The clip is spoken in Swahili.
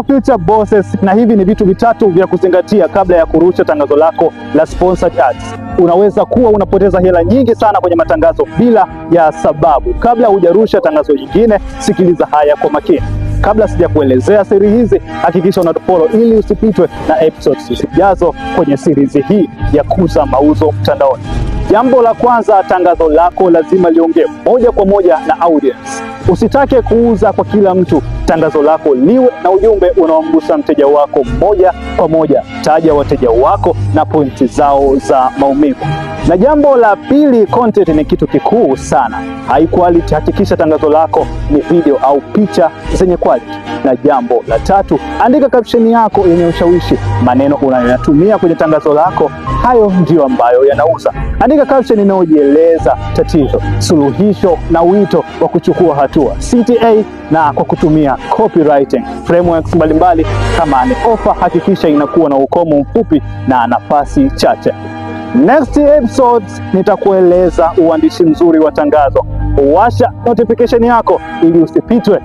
Our Future Bosses, na hivi ni vitu vitatu vya kuzingatia kabla ya kurusha tangazo lako la sponsored ads. Unaweza kuwa unapoteza hela nyingi sana kwenye matangazo bila ya sababu. Kabla hujarusha tangazo jingine, sikiliza haya kwa makini. Kabla sijakuelezea siri hizi, hakikisha follow ili usipitwe na episodes zijazo kwenye series hii ya kuza mauzo mtandaoni. Jambo la kwanza, tangazo lako lazima liongee moja kwa moja na audience. Usitake kuuza kwa kila mtu tangazo lako liwe na ujumbe unaomgusa mteja wako moja kwa moja. Taja wateja wako na pointi zao za maumivu. Na jambo la pili, content ni kitu kikuu sana. High quality, hakikisha tangazo lako ni video au picha zenye quality. Na jambo la tatu, andika caption yako yenye ushawishi. Maneno unayoyatumia kwenye tangazo lako, hayo ndiyo ambayo yanauza. Andika caption inayojieleza tatizo, suluhisho na wito wa kuchukua hatua, CTA na kwa kutumia copywriting, frameworks mbalimbali. Kama ni offer, hakikisha inakuwa na ukomo mfupi na nafasi chache. Next episode nitakueleza uandishi mzuri wa tangazo. Washa notification yako ili usipitwe.